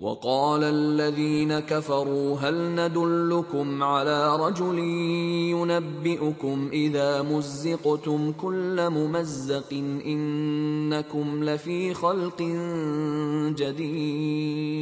وقال الذين كفروا هل ندلكم على رجل ينبئكم اذا مزقتم كل ممزق انكم لفي خلق جديد